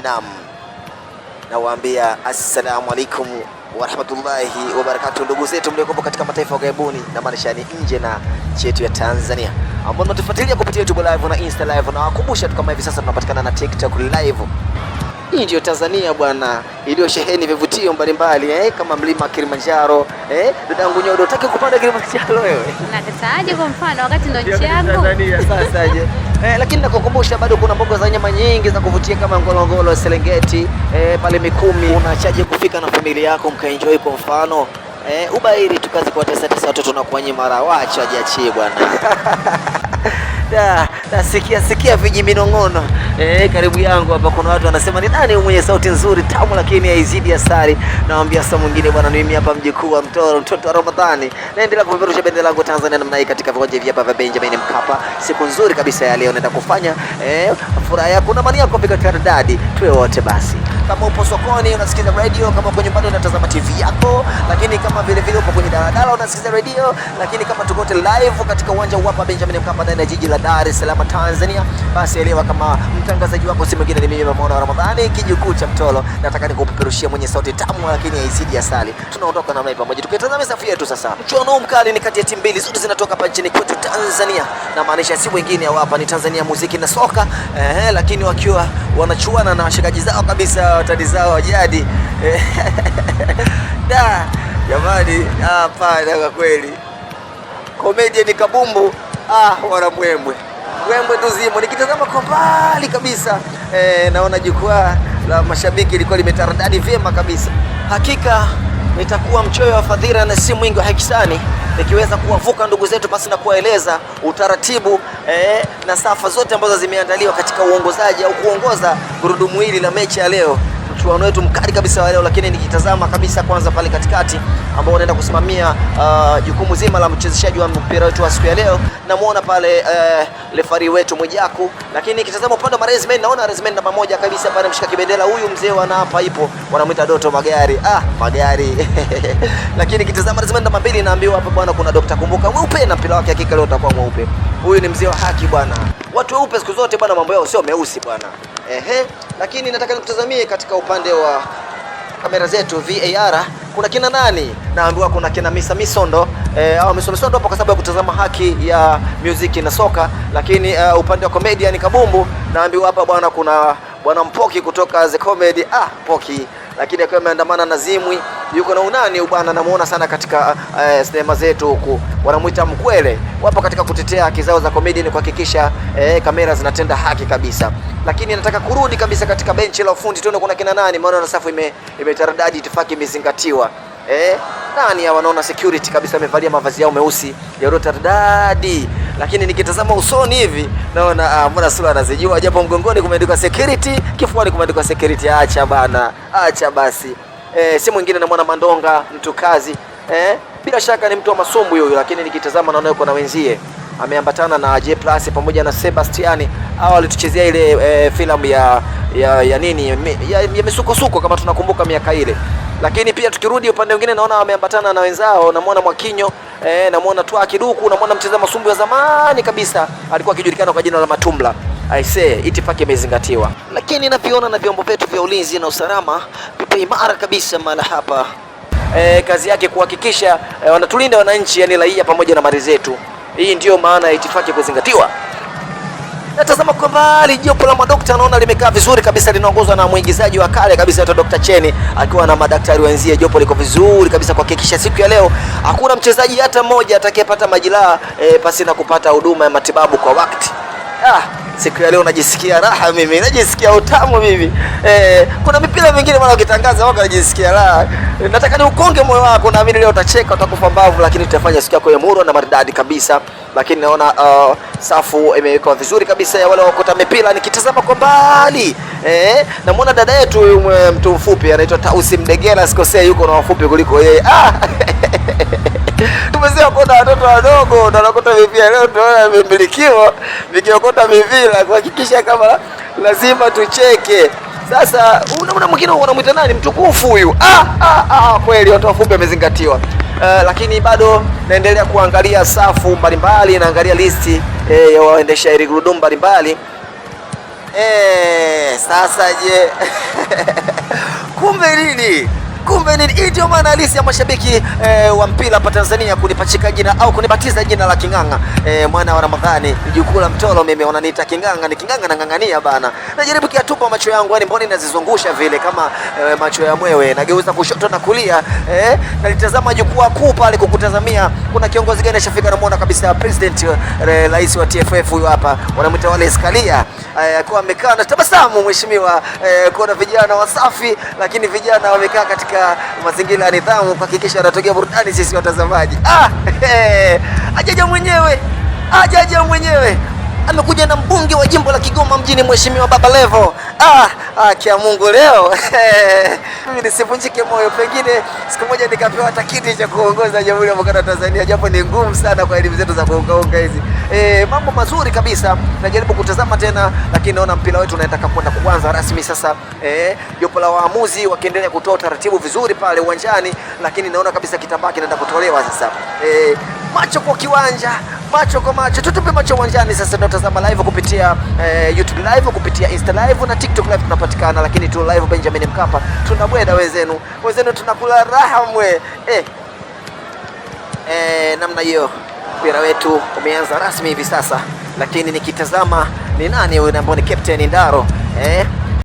Naam, Nawaambia assalamu alaikum warahmatullahi wabarakatu ndugu zetu mliokopo katika mataifa ya ughaibuni na maanishani nje na nchi yetu ya Tanzania, ambao mnatufuatilia kupitia YouTube live na Insta live, na wakumbusha tu kama hivi sasa tunapatikana na TikTok live. Hii ndio Tanzania bwana, iliyosheheni vivutio mbalimbali eh, kama mlima Kilimanjaro eh. Dadangu Nyodo, unataka kupanda Kilimanjaro wewe? Nakataaje kwa mfano, wakati ndo nchi yangu sasa je? Eh, lakini nakukumbusha bado kuna mbuga za nyama nyingi za kuvutia kama Ngorongoro, Serengeti eh, pale Mikumi. Unachaje kufika na familia yako mkaenjoy kwa mfano eh, ubairi tukazi kwa tesa tesa watoto na kuwanyima rawacha jiachie bwana. nasikia sikia minong'ono eh, karibu yangu hapa kuna watu wanasema ni nani mwenye sauti nzuri tamu lakini haizidi asali. Naambia sasa mwingine bwana, mimi hapa mjukuu wa mtoro, mtoto wa Ramadhani, naendelea kupeperusha bendera langu Tanzania namna hii katika viwanja hivi hapa vya Benjamin Mkapa. Siku nzuri kabisa ya leo, naenda kufanya eh, furaha yako na mali yako fika Trinidad, tuwe wote basi kama upo sokoni unasikiliza radio, kama uko nyumbani unatazama TV yako, lakini kama vile vile upo kwenye daladala unasikiliza radio, lakini kama tukote live katika uwanja hapa Benjamin Mkapa ndani ya jiji la Dar es Salaam Tanzania, basi elewa kama mtangazaji wako si mwingine ni mimi wa Ramadhani, kijukuu cha Mtolo. Nataka nikupeperushia mwenye sauti tamu lakini ya asali. Tunaondoka namna hii pamoja, tukitazama safu yetu sasa. Mchuano mkali ni kati ya timu mbili zote zinatoka hapa nchini kwetu Tanzania, na maanisha si wengine hapa ni Tanzania muziki na soka eh, lakini wakiwa wanachuana na washikaji zao kabisa watani zao wajadi da jamani, hapana kwa kweli, comedian Kabumbu ah, wana Mwembwe Mwembwe tuzimo. Nikitazama kwa mbali kabisa eh, naona jukwaa la mashabiki ilikuwa limetaradadi vyema kabisa. Hakika nitakuwa mchoyo wa fadhila na si mwingi wa hekisani nikiweza kuwavuka ndugu zetu pasi na kuwaeleza utaratibu eh, na safa zote ambazo zimeandaliwa katika uongozaji au kuongoza gurudumu hili la mechi ya leo mchuano wetu mkali kabisa wa leo, lakini nikitazama kabisa kwanza pale katikati ambao wanaenda kusimamia uh, jukumu uh, zima la mchezeshaji wa mpira wetu wa siku ya leo, namuona pale uh, lefari wetu Mwijaku, lakini nikitazama upande wa Resmen naona Resmen namba moja kabisa pale mshika kibendera huyu mzee wana hapa ipo wanamuita Doto Magari, ah Magari lakini nikitazama Resmen namba mbili naambiwa hapa bwana kuna Dr. Kumbuka mweupe na mpira wake hakika leo utakuwa mweupe. Huyu ni mzee wa haki bwana, watu weupe siku zote bwana, mambo yao sio meusi bwana, ehe lakini nataka nikutazamie katika upande wa kamera zetu VAR. Kuna kina nani? Naambiwa kuna kina Misa Misondo e, au Misa Misondo hapo kwa sababu ya kutazama haki ya muziki na soka, lakini uh, upande wa comedian Kabumbu naambiwa hapa bwana, kuna bwana Mpoki kutoka The Comedy. Ah, Mpoki lakini akiwa ameandamana na Zimwi yuko na unani ubana, namuona sana katika uh, sinema zetu huku, wanamwita mkwele. Wapo katika kutetea haki zao za komedi, ni kuhakikisha eh, kamera zinatenda haki kabisa, lakini nataka kurudi kabisa katika benchi la ufundi, tuone kuna kina nani, maana na safu ime imetaradadi, itifaki imezingatiwa eh, nani hawa, naona security kabisa, amevalia mavazi yao meusi yaliyotaradadi lakini nikitazama usoni hivi naona ah, mbona sura anazijua, japo mgongoni kumeandikwa security, kifuani kumeandikwa security. Acha bana, acha basi. E, si mwingine na mwana Mandonga, mtu kazi e, eh, bila shaka ni mtu wa masumbu huyu, lakini nikitazama naona yuko na wenzie ameambatana na J Plus pamoja na Sebastiani au alituchezea ile e, filamu ya ya, ya nini ya, ya misukosuko kama tunakumbuka miaka ile. Lakini pia tukirudi upande mwingine, naona wameambatana na wenzao, namwona Mwakinyo eh, namwona Twa Kiduku, namwona mcheza masumbu wa zamani kabisa alikuwa akijulikana kwa jina la Matumla. I say itifaki imezingatiwa, lakini naviona na vyombo vyetu vya ulinzi na usalama vipo imara kabisa mahala hapa. E, kazi yake kuhakikisha e, wanatulinda wananchi, yani raia pamoja na mali zetu. Hii ndiyo maana ya itifaki kuzingatiwa natazama kwa mbali, jopo la madokta naona limekaa vizuri kabisa, linaongozwa na mwigizaji wa kale kabisa hata Dr. Cheni akiwa na madaktari wenzie. Jopo liko vizuri kabisa kuhakikisha siku ya leo hakuna mchezaji hata mmoja atakayepata majeraha e, pasi na kupata huduma ya matibabu kwa wakati ah siku ya leo najisikia raha mimi, najisikia utamu mimi. Eh, kuna mipira mingine mara ukitangaza wako najisikia raha. Nataka ni ukonge moyo wako, naamini leo utacheka, utakufa mbavu, lakini tutafanya siku yako ya murwa na maridadi kabisa. Lakini naona uh, safu imewekwa vizuri kabisa ya wale wakota mipira, nikitazama kwa mbali eh, namwona dada yetu mtu mfupi anaitwa Tausi Mdegela, sikosea, yuko na wafupi kuliko yeye ah. tumeziokota watoto wadogo, anakota vivia leo, tunaona vimbilikiwa vikiokota mivila kuhakikisha kama lazima tucheke. Sasa una mwingine unamwita nani mtukufu huyu? Ah, ah, ah, kweli watu wafupi wamezingatiwa. Uh, lakini bado naendelea kuangalia safu mbalimbali, naangalia listi eh, ya waendesha gurudumu mbalimbali eh, sasa je kumbe lini Kumbe ni ndio maana halisi ya mashabiki e, wa mpira hapa Tanzania kunipachika jina au kunibatiza jina la King'ang'a e, mwana wa Ramadhani jukuu la mtolo, mimi wananiita King'ang'a. Ni King'ang'a na ng'ang'ania bana, najaribu kiatupa macho yangu, yani mbona inazizungusha vile kama e, macho ya mwewe, nageuza kushoto na kulia e, nalitazama jukwaa kuu pale kukutazamia kuna kiongozi gani ashafika, namuona kabisa president rais wa TFF huyu hapa, wanamwita wale Skalia Eh, akiwa amekaa na tabasamu mheshimiwa, eh, kuona vijana wasafi, lakini vijana wamekaa katika mazingira ya nidhamu kuhakikisha anatokea burudani sisi watazamaji. Ah, eh, ajaja mwenyewe, ajaja mwenyewe amekuja na mbu mbunge wa jimbo la Kigoma mjini Mheshimiwa Baba Levo. Ah, ah, kia Mungu leo mimi nisivunjike moyo, pengine siku moja nikapewa hata kiti cha kuongoza Jamhuri ya Muungano wa Tanzania, japo ni ngumu sana kwa elimu zetu za kuungaunga hizi. Eh, mambo mazuri kabisa, najaribu kutazama tena, lakini naona mpira wetu unataka kwenda kuanza rasmi sasa. Eh, jopo la waamuzi wakiendelea kutoa utaratibu vizuri pale uwanjani, lakini naona kabisa kitambaa kinaenda kutolewa sasa Eh, macho kwa kiwanja, macho kwa macho, tutupe macho uwanjani. Sasa tunatazama live kupitia eh, YouTube live, kupitia Insta live na TikTok live tunapatikana, lakini tu live Benjamin Mkapa tunabweda wenzenu wenzenu tunakula raha mwe eh. Eh, namna hiyo mpira wetu umeanza rasmi hivi sasa, lakini nikitazama ni nani huyu ambaye ni Captain Ndaro eh